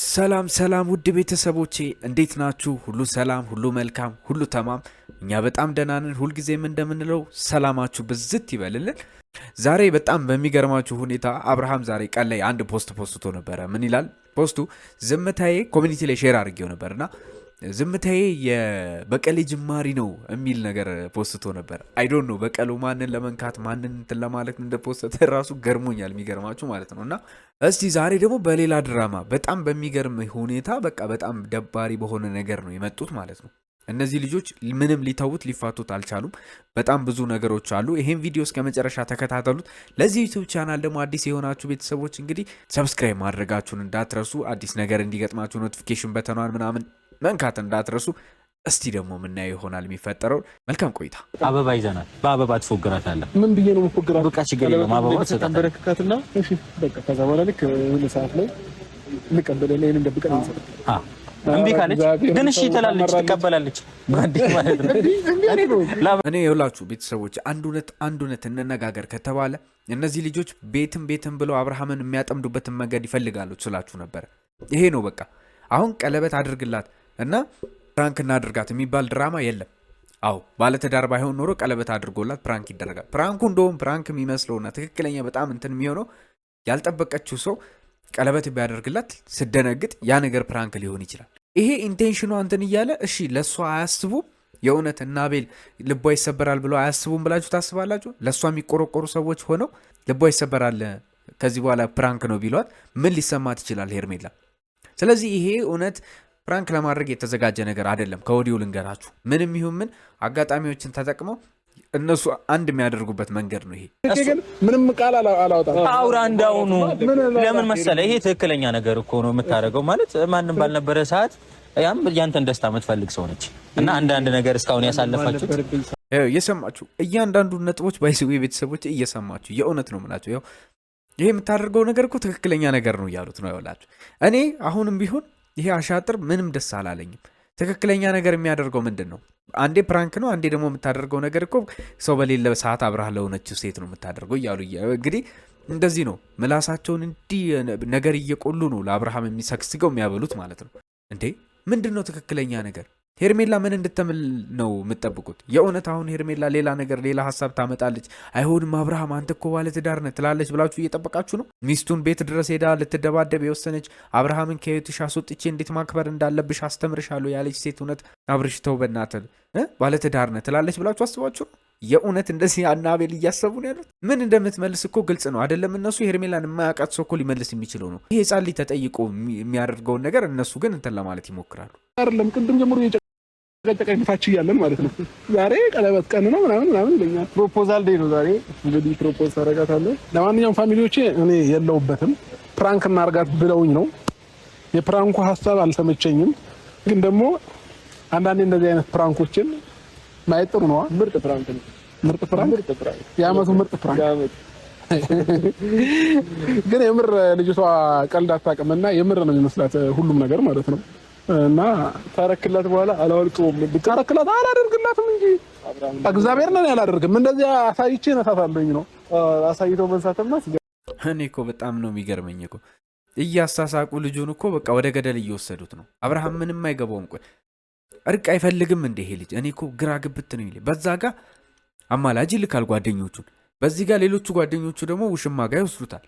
ሰላም ሰላም ውድ ቤተሰቦቼ እንዴት ናችሁ? ሁሉ ሰላም፣ ሁሉ መልካም፣ ሁሉ ተማም። እኛ በጣም ደህና ነን። ሁልጊዜም እንደምንለው ሰላማችሁ ብዝት ይበልልን። ዛሬ በጣም በሚገርማችሁ ሁኔታ አብርሃም ዛሬ ቀን ላይ አንድ ፖስት ፖስቶ ነበረ። ምን ይላል ፖስቱ? ዝምታዬ ኮሚኒቲ ላይ ሼር አድርጌው ነበርና ዝምታዬ የበቀሌ ጅማሪ ነው የሚል ነገር ፖስቶ ነበር። አይዶን ነው በቀሉ ማንን ለመንካት ማንን እንትን ለማለት እንደፖስተተ ራሱ ገርሞኛል። የሚገርማችሁ ማለት ነው እና እስቲ ዛሬ ደግሞ በሌላ ድራማ በጣም በሚገርም ሁኔታ በቃ በጣም ደባሪ በሆነ ነገር ነው የመጡት ማለት ነው። እነዚህ ልጆች ምንም ሊተዉት ሊፋቱት አልቻሉም። በጣም ብዙ ነገሮች አሉ። ይሄን ቪዲዮ እስከ መጨረሻ ተከታተሉት። ለዚህ ዩቱብ ቻናል ደግሞ አዲስ የሆናችሁ ቤተሰቦች እንግዲህ ሰብስክራይብ ማድረጋችሁን እንዳትረሱ፣ አዲስ ነገር እንዲገጥማችሁ ኖቲፊኬሽን በተኗን ምናምን መንካት እንዳትረሱ። እስቲ ደግሞ የምናየው ይሆናል የሚፈጠረው። መልካም ቆይታ። አበባ ይዘናል። በአበባ ትፎግራታለህ። ምን ብዬ ነው መፎግራት? በቃ ችግር የለም። አበባ በቃ ከዛ በኋላ ልክ ሁሉ ሰዓት ላይ እንቀበለና ይህን እንደብቀን እንሰጣለን። እምቢ ካለች ግን እሺ ትላለች፣ ትቀበላለች። እኔ የሁላችሁ ቤተሰቦች አንድ እውነት አንድ እውነት እንነጋገር ከተባለ እነዚህ ልጆች ቤትም ቤትም ብለው አብርሃምን የሚያጠምዱበትን መንገድ ይፈልጋሉ ስላችሁ ነበር። ይሄ ነው በቃ። አሁን ቀለበት አድርግላት እና ፕራንክ እናድርጋት የሚባል ድራማ የለም። አዎ ባለትዳር ባይሆን ኖሮ ቀለበት አድርጎላት ፕራንክ ይደረጋል። ፕራንኩ እንደውም ፕራንክ የሚመስለውና ትክክለኛ በጣም እንትን የሚሆነው ያልጠበቀችው ሰው ቀለበት ቢያደርግላት ስደነግጥ ያ ነገር ፕራንክ ሊሆን ይችላል። ይሄ ኢንቴንሽኗ እንትን እያለ እሺ፣ ለእሷ አያስቡም የእውነት እና ቤል ልቧ ይሰበራል ብለው አያስቡም ብላችሁ ታስባላችሁ? ለእሷ የሚቆረቆሩ ሰዎች ሆነው ልቧ ይሰበራል ከዚህ በኋላ ፕራንክ ነው ቢሏት ምን ሊሰማት ይችላል ሄርሜላ? ስለዚህ ይሄ እውነት ፕራንክ ለማድረግ የተዘጋጀ ነገር አይደለም። ከወዲሁ ልንገራችሁ። ምንም ይሁን ምን አጋጣሚዎችን ተጠቅመው እነሱ አንድ የሚያደርጉበት መንገድ ነው ይሄ። ምንም ቃል አላወጣም። አውራ እንዳውኑ ለምን መሰለ፣ ይሄ ትክክለኛ ነገር እኮ ነው የምታደርገው። ማለት ማንም ባልነበረ ሰዓት ያም ያንተን ደስታ የምትፈልግ ሰው ነች እና አንዳንድ ነገር እስካሁን ያሳለፋችሁት እየሰማችሁ እያንዳንዱ ነጥቦች ባይስዊ ቤተሰቦች እየሰማችሁ የእውነት ነው ምላችሁ። ይሄ የምታደርገው ነገር እኮ ትክክለኛ ነገር ነው እያሉት ነው ያውላችሁ። እኔ አሁንም ቢሆን ይሄ አሻጥር ምንም ደስ አላለኝም። ትክክለኛ ነገር የሚያደርገው ምንድን ነው? አንዴ ፕራንክ ነው፣ አንዴ ደግሞ የምታደርገው ነገር እኮ ሰው በሌለ ሰዓት አብረህ ለሆነችው ሴት ነው የምታደርገው እያሉ እንግዲህ እንደዚህ ነው ምላሳቸውን እንዲህ ነገር እየቆሉ ነው ለአብርሃም የሚሰግስገው የሚያበሉት ማለት ነው። እንዴ ምንድን ነው ትክክለኛ ነገር? ሄርሜላ ምን እንድትምል ነው የምጠብቁት? የእውነት አሁን ሄርሜላ ሌላ ነገር ሌላ ሀሳብ ታመጣለች። አይሆንም አብርሃም አንተ እኮ ባለ ትዳር ነህ ትላለች ብላችሁ እየጠበቃችሁ ነው። ሚስቱን ቤት ድረስ ሄዳ ልትደባደብ የወሰነች አብርሃምን ከህይወትሽ አስወጥቼ እንዴት ማክበር እንዳለብሽ አስተምርሻለሁ ያለች ሴት እውነት አብርሽተው በእናትህ ባለ ትዳር ነህ ትላለች ብላችሁ አስባችሁ ነው? የእውነት እንደዚህ አና አቤል እያሰቡ ነው ያሉት። ምን እንደምትመልስ እኮ ግልጽ ነው አይደለም? እነሱ ሄርሜላን የማያውቃት ሰው እኮ ሊመልስ የሚችለው ነው። ይሄ ህጻን ልጅ ተጠይቆ የሚያደርገውን ነገር እነሱ ግን እንትን ለማለት ይሞክራሉ። አይደለም ቅድም ጀምሮ ተቀኝታችሁ እያለን ማለት ነው። ዛሬ ቀለበት ቀን ነው ምናምን ምናምን ይለኛል። ፕሮፖዛል ዴይ ነው ዛሬ። እንግዲህ ፕሮፖዝ ታደርጋታለህ። ለማንኛውም ፋሚሊዎቼ እኔ የለውበትም ፕራንክ እናርጋት ብለውኝ ነው። የፕራንኩ ሀሳብ አልተመቸኝም፣ ግን ደግሞ አንዳንዴ እንደዚህ አይነት ፕራንኮችን ማየት ጥሩ ነዋ። ምርጥ ፕራንክ ነው። ምርጥ ፕራንክ፣ የአመቱ ምርጥ ፕራንክ። ግን የምር ልጅቷ ቀልድ አታውቅምና የምር ነው የሚመስላት ሁሉም ነገር ማለት ነው። እና ታረክላት በኋላ አላወልቀውም ብታረክላት አላደርግላትም እንጂ እግዚአብሔር ነን ያላደርግም። እንደዚህ አሳይቼ እነሳታለሁኝ ነው አሳይተው መንሳትና እኔ እኮ በጣም ነው የሚገርመኝ እኮ እያሳሳቁ ልጁን እኮ በቃ ወደ ገደል እየወሰዱት ነው። አብርሃም ምንም አይገባውም። ቆይ እርቅ አይፈልግም እንደ ይሄ ልጅ እኔ እኮ ግራ ግብት ነው። በዛ ጋ አማላጅ ይልካል ጓደኞቹን፣ በዚህ ጋር ሌሎቹ ጓደኞቹ ደግሞ ውሽማ ጋ ይወስዱታል።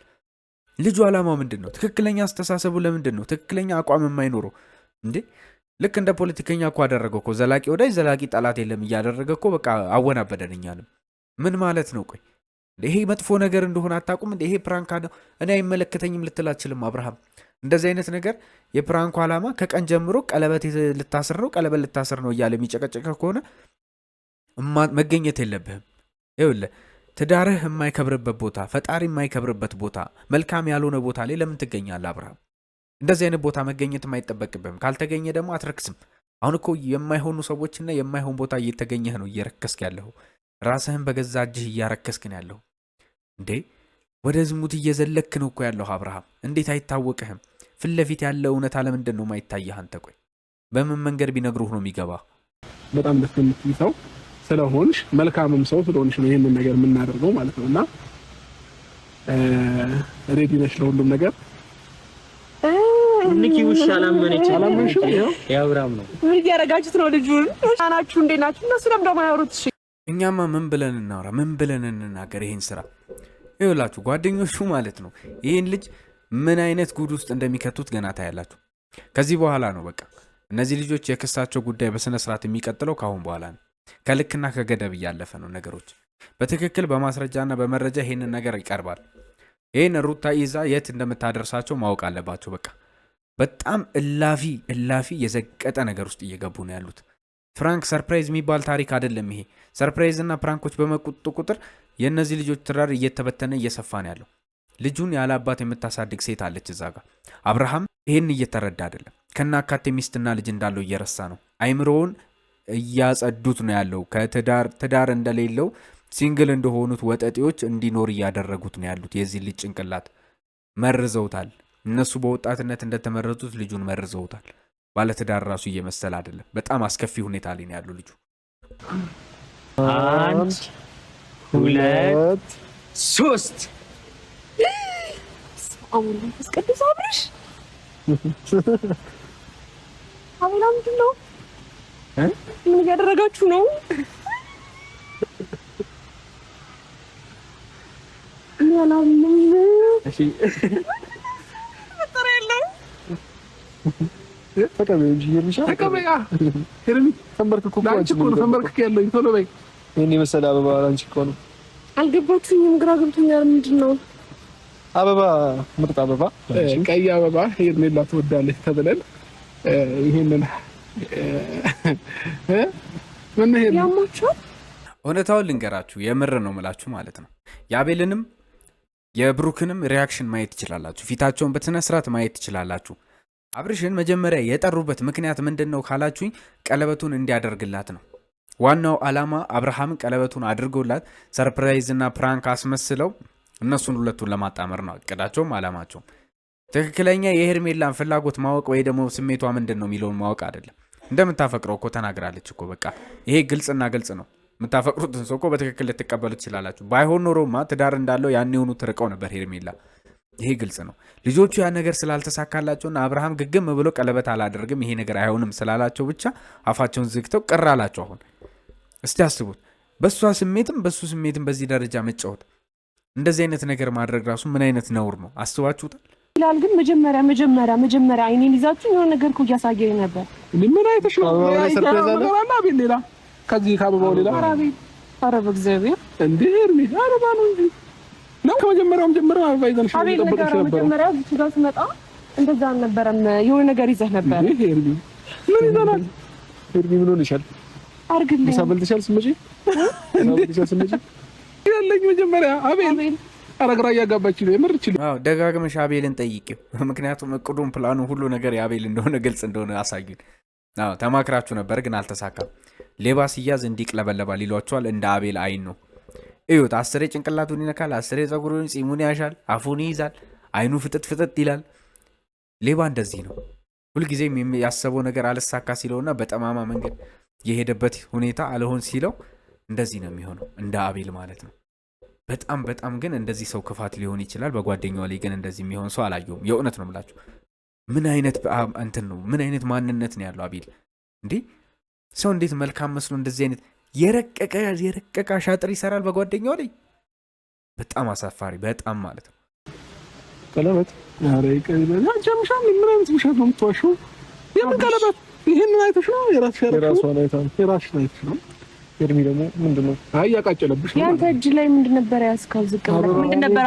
ልጁ አላማው ምንድን ነው? ትክክለኛ አስተሳሰቡ ለምንድን ነው ትክክለኛ አቋም የማይኖረው? እንዴ ልክ እንደ ፖለቲከኛ እኮ አደረገ እኮ። ዘላቂ ወዳጅ ዘላቂ ጠላት የለም እያደረገ እኮ በቃ አወናበደንኛልም። ምን ማለት ነው? ቆይ ይሄ መጥፎ ነገር እንደሆነ አታውቁም? እንደ ይሄ ፕራንክ ነው እኔ አይመለከተኝም ልትል አብርሃም እንደዚህ አይነት ነገር የፕራንኩ ዓላማ ከቀን ጀምሮ ቀለበት ልታስር ነው ቀለበት ልታስር ነው እያለ የሚጨቀጨቀ ከሆነ መገኘት የለብህም። ይኸውልህ ትዳርህ የማይከብርበት ቦታ፣ ፈጣሪ የማይከብርበት ቦታ፣ መልካም ያልሆነ ቦታ ላይ ለምን ትገኛለህ አብርሃም? እንደዚህ አይነት ቦታ መገኘት የማይጠበቅብህም። ካልተገኘ ደግሞ አትረክስም። አሁን እኮ የማይሆኑ ሰዎችና የማይሆን ቦታ እየተገኘህ ነው እየረከስክ ያለሁ። ራስህን በገዛ እጅህ እያረከስክ ነው ያለሁ። እንዴ ወደ ዝሙት እየዘለክ ነው እኮ ያለሁ አብርሃም። እንዴት አይታወቅህም? ፊት ለፊት ያለ እውነት አለምንድን ነው ማይታየህ? አንተ ቆይ በምን መንገድ ቢነግሩህ ነው የሚገባ? በጣም ደስ የምትይ ሰው ስለሆንሽ መልካምም ሰው ስለሆንሽ ነው ይህንን ነገር የምናደርገው ማለት ነው እና ሬዲ ነሽ ለሁሉም ነገር ንኪ ውሻ አላመነች። አላመንሽም? ያብራም ነው ምን እያደረጋችሁት ነው? ልጁን ናችሁ እንዴት ናችሁ? እነሱ ለምደ ማያወሩት። እሺ እኛማ ምን ብለን እናውራ? ምን ብለን እንናገር? ይሄን ስራ ይውላችሁ ጓደኞቹ ማለት ነው ይህን ልጅ ምን አይነት ጉድ ውስጥ እንደሚከቱት ገና ታያላችሁ። ከዚህ በኋላ ነው በቃ እነዚህ ልጆች የክሳቸው ጉዳይ በስነ ስርዓት የሚቀጥለው ካሁን በኋላ ነው። ከልክና ከገደብ እያለፈ ነው ነገሮች። በትክክል በማስረጃና በመረጃ ይህንን ነገር ይቀርባል። ይህን ሩታ ይዛ የት እንደምታደርሳቸው ማወቅ አለባቸው በቃ በጣም እላፊ እላፊ የዘቀጠ ነገር ውስጥ እየገቡ ነው ያሉት። ፍራንክ ሰርፕራይዝ የሚባል ታሪክ አይደለም ይሄ። ሰርፕራይዝ እና ፕራንኮች በመቁጡ ቁጥር የእነዚህ ልጆች ትዳር እየተበተነ እየሰፋ ነው ያለው። ልጁን ያለ አባት የምታሳድግ ሴት አለች እዛ ጋር። አብርሃም ይህን እየተረዳ አይደለም። ከና አካቴ ሚስትና ልጅ እንዳለው እየረሳ ነው። አይምሮውን እያጸዱት ነው ያለው። ከትዳር ትዳር እንደሌለው ሲንግል እንደሆኑት ወጠጤዎች እንዲኖር እያደረጉት ነው ያሉት። የዚህ ልጅ ጭንቅላት መርዘውታል። እነሱ በወጣትነት እንደተመረጡት ልጁን መርዘውታል። ባለትዳር ራሱ እየመሰለ አይደለም። በጣም አስከፊ ሁኔታ ላይ ነው ያለው ልጁ። አንድ ሁለት ሶስት ቅዱስ አብርሽ አቤላ ምንድን ነው? ምን እያደረጋችሁ ነው? የመሰለ አበባ አንቺ እኮ ነው። አልገባችሁኝም። ግራ ገብቶኛል። ምንድን ነው አበባ? ምርጥ አበባ፣ ቀይ አበባ ሄርሜላ ትወዳለች ተብለን ይሄንን ምን እውነታውን ልንገራችሁ፣ የምር ነው ምላችሁ ማለት ነው። የአቤልንም የብሩክንም ሪያክሽን ማየት ትችላላችሁ። ፊታቸውን በስነ ስርዓት ማየት ትችላላችሁ። አብርሽን መጀመሪያ የጠሩበት ምክንያት ምንድን ነው ካላችሁኝ፣ ቀለበቱን እንዲያደርግላት ነው። ዋናው ዓላማ አብርሃም ቀለበቱን አድርጎላት ሰርፕራይዝ እና ፕራንክ አስመስለው እነሱን ሁለቱን ለማጣመር ነው እቅዳቸውም ዓላማቸውም። ትክክለኛ የሄርሜላን ፍላጎት ማወቅ ወይ ደግሞ ስሜቷ ምንድን ነው የሚለውን ማወቅ አይደለም። እንደምታፈቅረው እኮ ተናግራለች እኮ በቃ ይሄ ግልጽና ግልጽ ነው። የምታፈቅሩትን ሰው እኮ በትክክል ልትቀበሉ ትችላላችሁ። ባይሆን ኖሮማ ትዳር እንዳለው ያን የሆኑ ትርቀው ነበር ሄርሜላ ይሄ ግልጽ ነው። ልጆቹ ያ ነገር ስላልተሳካላቸውና አብርሃም ግግም ብሎ ቀለበት አላደርግም ይሄ ነገር አይሆንም ስላላቸው ብቻ አፋቸውን ዝግተው ቀር አላቸው። አሁን እስቲ አስቡት፣ በእሷ ስሜትም በእሱ ስሜትም በዚህ ደረጃ መጫወት፣ እንደዚህ አይነት ነገር ማድረግ ራሱ ምን አይነት ነውር ነው? አስባችሁታል? ይላል ግን መጀመሪያ መጀመሪያ መጀመሪያ አይኔን ይዛችሁ የሆነ ነገር እኮ እያሳየ ነበር። ምን ከዚህ ከአበባው ሌላ አረብ እግዚአብሔር እንዲህ ሄርሚ አረባ ነው እንጂ ነው ከመጀመሪያውም ጀምረው አድቫይዘን ሹ ተጠብቀሽ ነበር። መጀመሪያ እዚህ ጋር ስመጣ እንደዛ አልነበረም። የሆነ ነገር ይዘህ ነበር። ምን ይዘናል? ሄርቢ ምን ሆነሻል? አርግልኝ ሳበልተሻል። ስመጪ ሳበልተሻል። ስመጪ ያለኝ መጀመሪያ አቤል አረግራ እያጋባች ነው የምርች። ደጋግመሽ አቤልን ጠይቂው። ምክንያቱም እቅዱን፣ ፕላኑ፣ ሁሉ ነገር የአቤል እንደሆነ ግልጽ እንደሆነ አሳዩን። ተማክራችሁ ነበር ግን አልተሳካም። ሌባ ሲያዝ እንዲቅለበለባ ይሏቸዋል። እንደ አቤል አይን ነው እዩት። አስሬ ጭንቅላቱን ይነካል፣ አስሬ ፀጉሩን ፂሙን ያሻል፣ አፉን ይይዛል፣ አይኑ ፍጥጥ ፍጥጥ ይላል። ሌባ እንደዚህ ነው። ሁልጊዜም ያሰበው ነገር አልሳካ ሲለውና በጠማማ መንገድ የሄደበት ሁኔታ አልሆን ሲለው እንደዚህ ነው የሚሆነው፣ እንደ አቤል ማለት ነው። በጣም በጣም ግን እንደዚህ ሰው ክፋት ሊሆን ይችላል። በጓደኛው ላይ ግን እንደዚህ የሚሆን ሰው አላየሁም። የእውነት ነው የምላችሁ። ምን አይነት እንትን ነው? ምን አይነት ማንነት ነው ያለው አቤል? እንዲህ ሰው እንዴት መልካም መስሎ እንደዚህ አይነት የረቀቀ የረቀቀ አሻጥር ይሰራል በጓደኛው ላይ በጣም አሳፋሪ፣ በጣም ማለት ነው። ቀለበት ጨምሻ ምን አይነት ውሸት ነው የምትዋሸው? የምን ቀለበት? አይተሽ ነው አይተሽ ነው። ደግሞ ምንድን ነው? አይ ያቃጨለብሽ እጅ ላይ ምንድን ነበር ዝቅ ብለህ ምንድን ነበር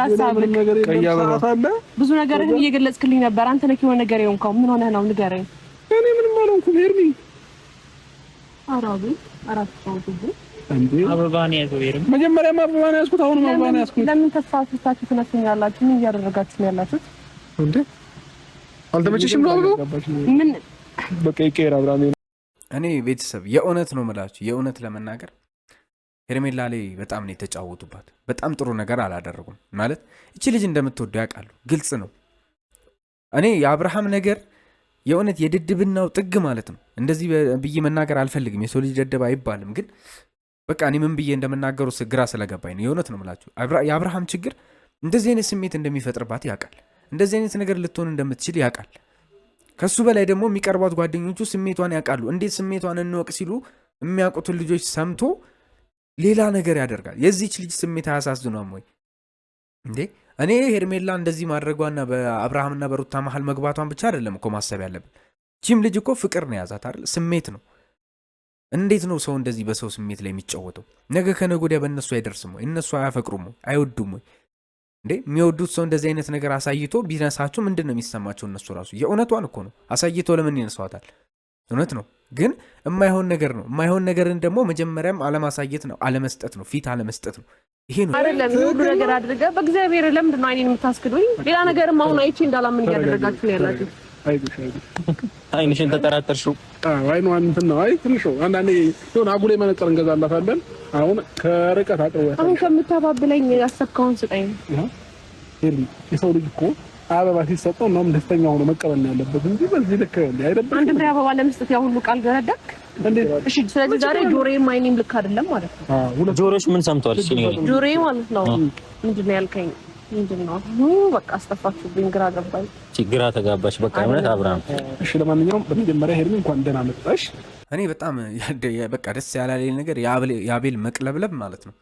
ብዙ ነገርህን እየገለጽክልኝ ነበር። አንተ ነህ የሆነ ነገር የሆንከው። ምን ሆነህ ነው? ንገረኝ። እኔ ምንም አልሆንኩም አበባን ያዘው ይርም ያዝኩት። አሁንም ያዝኩት። ለምን ተስፋ አስታችሁ ምን እያደረጋችሁ ነው ያላችሁት አልተመቸሽም ነው አበባው? እኔ ቤተሰብ የእውነት ነው የምላችሁ፣ የእውነት ለመናገር ሄርሜላ ላይ በጣም ነው የተጫወቱባት። በጣም ጥሩ ነገር አላደረጉም ማለት እቺ ልጅ እንደምትወደው ያውቃሉ። ግልጽ ነው። እኔ የአብርሃም ነገር የእውነት የድድብናው ጥግ ማለት ነው። እንደዚህ ብዬ መናገር አልፈልግም። የሰው ልጅ ደደብ አይባልም። ግን በቃ እኔ ምን ብዬ እንደምናገሩ ግራ ስለገባኝ ነው። የእውነት ነው ምላችሁ። የአብርሃም ችግር እንደዚህ አይነት ስሜት እንደሚፈጥርባት ያውቃል። እንደዚህ አይነት ነገር ልትሆን እንደምትችል ያውቃል። ከሱ በላይ ደግሞ የሚቀርቧት ጓደኞቹ ስሜቷን ያውቃሉ። እንዴት ስሜቷን እንወቅ ሲሉ የሚያውቁትን ልጆች ሰምቶ ሌላ ነገር ያደርጋል። የዚች ልጅ ስሜት አያሳዝኗም ወይ እንዴ? እኔ ሄርሜላ እንደዚህ ማድረጓና በአብርሃምና በሩታ መሀል መግባቷን ብቻ አይደለም እኮ ማሰብ ያለብን። ቺም ልጅ እኮ ፍቅር ነው ያዛት አይደል? ስሜት ነው። እንዴት ነው ሰው እንደዚህ በሰው ስሜት ላይ የሚጫወተው? ነገ ከነገ ወዲያ በእነሱ አይደርስም ወይ? እነሱ አያፈቅሩም ወይ? አይወዱም ወይ? እንዴ የሚወዱት ሰው እንደዚህ አይነት ነገር አሳይቶ ቢነሳችሁ ምንድን ነው የሚሰማቸው? እነሱ ራሱ የእውነቷን እኮ ነው። አሳይቶ ለምን ይነሷታል? እውነት ነው ግን የማይሆን ነገር ነው። የማይሆን ነገርን ደግሞ መጀመሪያም አለማሳየት ነው፣ አለመስጠት ነው፣ ፊት አለመስጠት ነው። ይሄ ነው አይደለም። ሁሉ ነገር አድርገ በእግዚአብሔር ለምንድን ነው አይኔን የምታስክዱኝ? ሌላ ነገርም አሁን አይቼ እንዳላምን እያደረጋችሁ ነው ያላችሁ። አይንሽን ተጠራጠርሽው? አዎ አይኗ እንትን ነው። አይ ትንሽ አንዳንዴ የሆነ አጉሌ መነጽር እንገዛላታለን። አሁን ከርቀት አቅርቦት አሁን ከምታባብለኝ ያሰብከውን ስጠኝ። የሰው ልጅ እኮ አበባ ሲሰጠው ምናምን ደስተኛ ሆኖ መቀበል ነው ያለበት እንጂ በዚህ ልክ አይደለም። አንድ ፍሬ አበባ ለመስጠት ያ ሁሉ ቃል ገረደክ ስለዚህ ዛሬ ጆሮዬም አይኔም ልክ አይደለም ማለት ነው። ጆሮሽ ምን ሰምቷል? እሺ ጆሮ ማለት ነው ምንድን ነው ያልከኝ? ምንድን ነው በቃ አስጠፋችሁብኝ፣ ግራ ገባኝ፣ ግራ ተጋባሽ። በቃ እምነት አብራ እሺ ለማንኛውም በመጀመሪያ ሄድን እንኳን ደህና መጣሽ። እኔ በጣም በቃ ደስ ያላለኝ ነገር የአቤል መቅለብለብ ማለት ነው።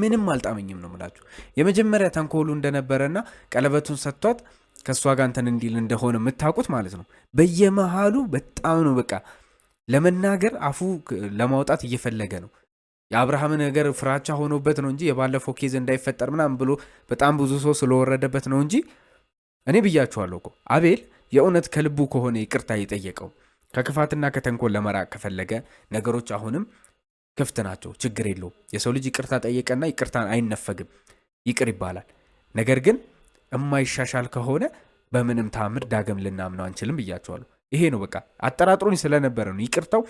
ምንም አልጣመኝም ነው የምላችሁ። የመጀመሪያ ተንኮሉ እንደነበረና ቀለበቱን ሰጥቷት ከእሷ ጋር እንትን እንዲል እንደሆነ የምታውቁት ማለት ነው። በየመሃሉ በጣም ነው በቃ ለመናገር አፉ ለማውጣት እየፈለገ ነው። የአብርሃም ነገር ፍራቻ ሆኖበት ነው እንጂ የባለፈው ኬዝ እንዳይፈጠር ምናምን ብሎ በጣም ብዙ ሰው ስለወረደበት ነው እንጂ እኔ ብያችኋለሁ እኮ አቤል የእውነት ከልቡ ከሆነ ይቅርታ የጠየቀው ከክፋትና ከተንኮል ለመራቅ ከፈለገ ነገሮች አሁንም ክፍት ናቸው። ችግር የለው የሰው ልጅ ይቅርታ ጠየቀና ይቅርታን አይነፈግም፣ ይቅር ይባላል። ነገር ግን እማይሻሻል ከሆነ በምንም ታምር ዳግም ልናምነው አንችልም ብያችኋለሁ። ይሄ ነው በቃ አጠራጥሮኝ ስለነበረ ነው። ይቅርታው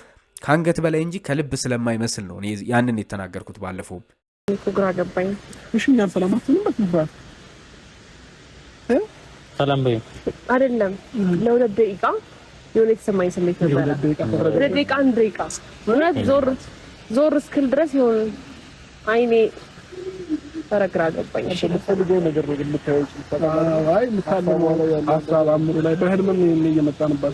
ከአንገት በላይ እንጂ ከልብ ስለማይመስል ነው ያንን የተናገርኩት። ባለፈውም ግራ ገባኝ። እሽኛን ሰላማትንበት ነበር ሰላም በይ አይደለም ለሁለት ደቂቃ የሆነ የተሰማኝ ስሜት ነበረ። ሁለት ደቂቃ አንድ ደቂቃ ዞር ዞር እስክል ድረስ የሆነ አይኔ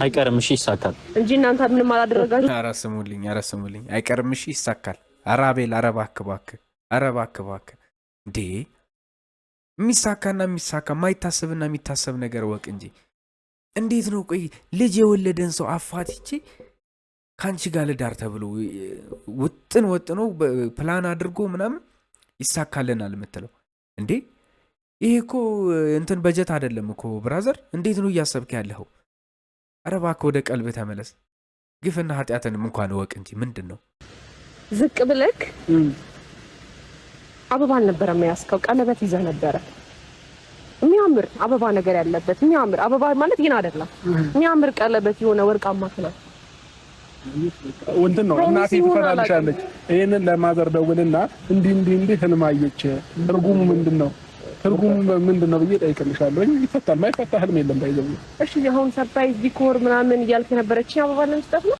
አይቀርም። እሺ ይሳካል እንጂ እናንተ ምንም አላደረጋችሁ። ኧረ ስሙልኝ፣ ኧረ ስሙልኝ። አይቀርም። እሺ ይሳካል። ኧረ አቤል፣ ኧረ እባክህ፣ እባክህ፣ ኧረ እባክህ፣ እባክህ እንዴ! የሚሳካና የሚሳካ ማይታሰብና የሚታሰብ ነገር ወቅ እንጂ እንዴት ነው? ቆይ ልጅ የወለደን ሰው አፋትቼ ከአንቺ ጋር ልዳር ተብሎ ውጥን ወጥኖ ፕላን አድርጎ ምናምን ይሳካልናል የምትለው እንዴ? ይሄ እኮ እንትን በጀት አይደለም እኮ ብራዘር፣ እንዴት ነው እያሰብክ ያለኸው? ኧረ እባክህ ወደ ቀልብ ተመለስ። ግፍና ኃጢአትንም እንኳን እወቅ እንጂ ምንድን ነው ዝቅ ብለክ አበባ አልነበረ የሚያስከው ቀለበት ይዘህ ነበረ። የሚያምር አበባ ነገር ያለበት የሚያምር አበባ ማለት ይህን አይደለም የሚያምር ቀለበት የሆነ ወርቃማ ክላል እንትን ነው እናቴ ትፈታልሻለች። ይህንን ለማዘር ደውልና እንዲህ እንዲህ እንዲህ ህልም አየች ትርጉሙ ምንድን ነው ትርጉሙ ምንድን ነው ብዬ ጠይቅልሻለሁ። ይፈታል ማይፈታ ህልም የለም። ባይዘው እሺ፣ አሁን ሰርፕራይዝ ዲኮር ምናምን እያልክ ነበረች። አበባ ለመስጠት ነው።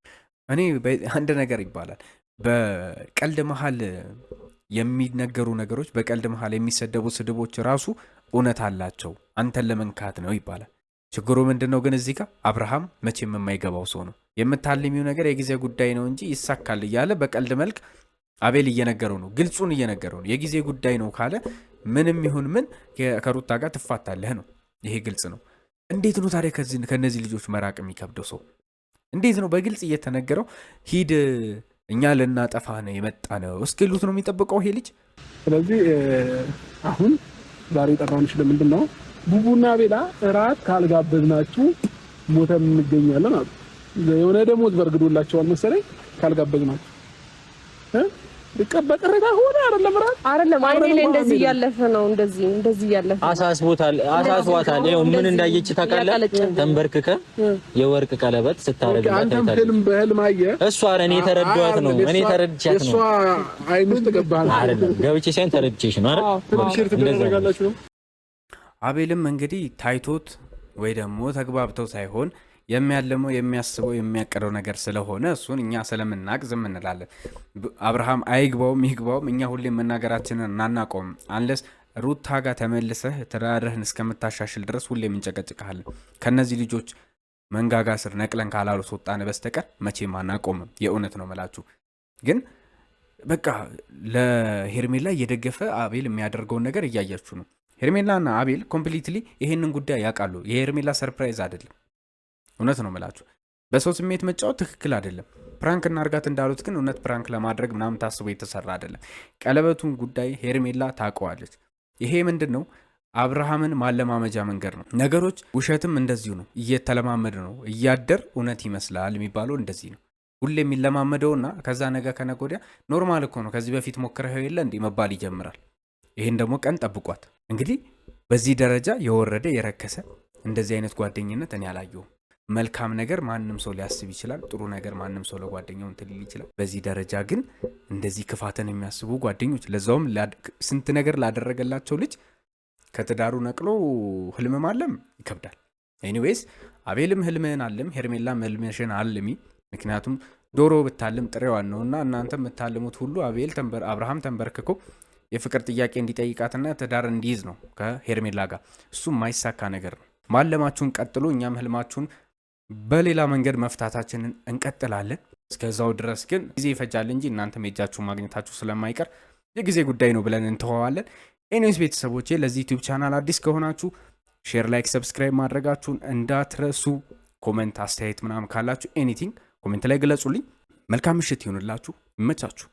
እኔ አንድ ነገር ይባላል በቀልድ መሀል የሚነገሩ ነገሮች በቀልድ መሀል የሚሰደቡ ስድቦች ራሱ እውነት አላቸው። አንተን ለመንካት ነው ይባላል። ችግሩ ምንድን ነው ግን እዚህ ጋር አብርሃም መቼም የማይገባው ሰው ነው። የምታልሚው ነገር የጊዜ ጉዳይ ነው እንጂ ይሳካል እያለ በቀልድ መልክ አቤል እየነገረው ነው። ግልጹን እየነገረው ነው። የጊዜ ጉዳይ ነው ካለ ምንም ይሁን ምን ከሩታ ጋር ትፋታለህ ነው። ይሄ ግልጽ ነው። እንዴት ነው ታዲያ ከነዚህ ልጆች መራቅ የሚከብደው ሰው? እንዴት ነው በግልጽ እየተነገረው ሂድ እኛ ልናጠፋ ነው የመጣ ነው እስኪሉት ነው የሚጠብቀው ይሄ ልጅ። ስለዚህ አሁን ዛሬ ጠፋን ችል ምንድን ነው ቡቡና ቤላ እራት ካልጋበዝናችሁ ሞተን እንገኛለን አሉ። የሆነ ደሞዝ በርግዶላቸዋል መሰለኝ ነው በቅሬታ ሆነ አይደለም ራ አይደለም አይኔ ላይ እንደዚህ እያለፈ ነው። እንደዚህ እንደዚህ እያለፈ አሳስቦታል፣ አሳስቧታል። ይኸው ምን እንዳየች ታውቃለህ? ተንበርክከ የወርቅ ቀለበት ስታረግላት አይታለች። በህልም አየህ? እሷ ኧረ እኔ ተረዳኋት ነው እኔ ተረድቻት ነው። እሷ አይኑ ውስጥ ገባህ አይደለም? ገብቼ ሳይሆን ተረድቼሽ ነው አይደል? አቤልም እንግዲህ ታይቶት ወይ ደግሞ ተግባብተው ሳይሆን የሚያልመው የሚያስበው የሚያቀደው ነገር ስለሆነ እሱን እኛ ስለምናቅ ዝም እንላለን። አብርሃም አይግባውም ይግባውም እኛ ሁሌም መናገራችንን እናናቆም። አንለስ ሩታ ጋር ተመልሰህ ትዳርህን እስከምታሻሽል ድረስ ሁሌም እንጨቀጭቀሃለን። ከእነዚህ ልጆች መንጋጋ ስር ነቅለን ካላሉት ወጣን በስተቀር መቼም አናቆምም። የእውነት ነው ምላችሁ ግን በቃ ለሄርሜላ እየደገፈ አቤል የሚያደርገውን ነገር እያያችሁ ነው። ሄርሜላና አቤል ኮምፕሊትሊ ይሄንን ጉዳይ ያውቃሉ። የሄርሜላ ሰርፕራይዝ አይደለም። እውነት ነው ምላችሁ። በሰው ስሜት መጫወት ትክክል አይደለም። ፕራንክ እናርጋት እንዳሉት ግን እውነት ፕራንክ ለማድረግ ምናምን ታስቦ የተሰራ አይደለም። ቀለበቱን ጉዳይ ሄርሜላ ታውቀዋለች። ይሄ ምንድን ነው? አብርሃምን ማለማመጃ መንገድ ነው። ነገሮች ውሸትም እንደዚሁ ነው። እየተለማመድ ነው እያደር እውነት ይመስላል የሚባለው እንደዚህ ነው። ሁሌ የሚለማመደውና ከዛ ነገ ከነገ ወዲያ ኖርማል እኮ ነው ከዚህ በፊት ሞክረህ የለ እንዲህ መባል ይጀምራል። ይህን ደግሞ ቀን ጠብቋት። እንግዲህ በዚህ ደረጃ የወረደ የረከሰ እንደዚህ አይነት ጓደኝነት እኔ አላየሁም። መልካም ነገር ማንም ሰው ሊያስብ ይችላል። ጥሩ ነገር ማንም ሰው ለጓደኛው እንትን ሊል ይችላል። በዚህ ደረጃ ግን እንደዚህ ክፋትን የሚያስቡ ጓደኞች ለዛውም ስንት ነገር ላደረገላቸው ልጅ ከትዳሩ ነቅሎ ህልም ማለም ይከብዳል። ኤኒዌይስ አቤልም ህልምህን አለም፣ ሄርሜላም ህልምህሽን አልሚ። ምክንያቱም ዶሮ ብታልም ጥሬዋን ነውና እናንተ የምታልሙት ሁሉ አቤል አብርሃም ተንበርክኮ የፍቅር ጥያቄ እንዲጠይቃትና ትዳር እንዲይዝ ነው ከሄርሜላ ጋር። እሱ የማይሳካ ነገር ነው። ማለማችሁን ቀጥሎ እኛም ህልማችሁን በሌላ መንገድ መፍታታችንን እንቀጥላለን። እስከዛው ድረስ ግን ጊዜ ይፈጃል እንጂ እናንተም የእጃችሁን ማግኘታችሁ ስለማይቀር የጊዜ ጉዳይ ነው ብለን እንተዋዋለን። ኤኒዌይስ ቤተሰቦቼ ለዚህ ዩቲዩብ ቻናል አዲስ ከሆናችሁ ሼር፣ ላይክ፣ ሰብስክራይብ ማድረጋችሁን እንዳትረሱ። ኮመንት፣ አስተያየት ምናምን ካላችሁ ኤኒቲንግ ኮሜንት ላይ ግለጹልኝ። መልካም ምሽት ይሁንላችሁ። ይመቻችሁ።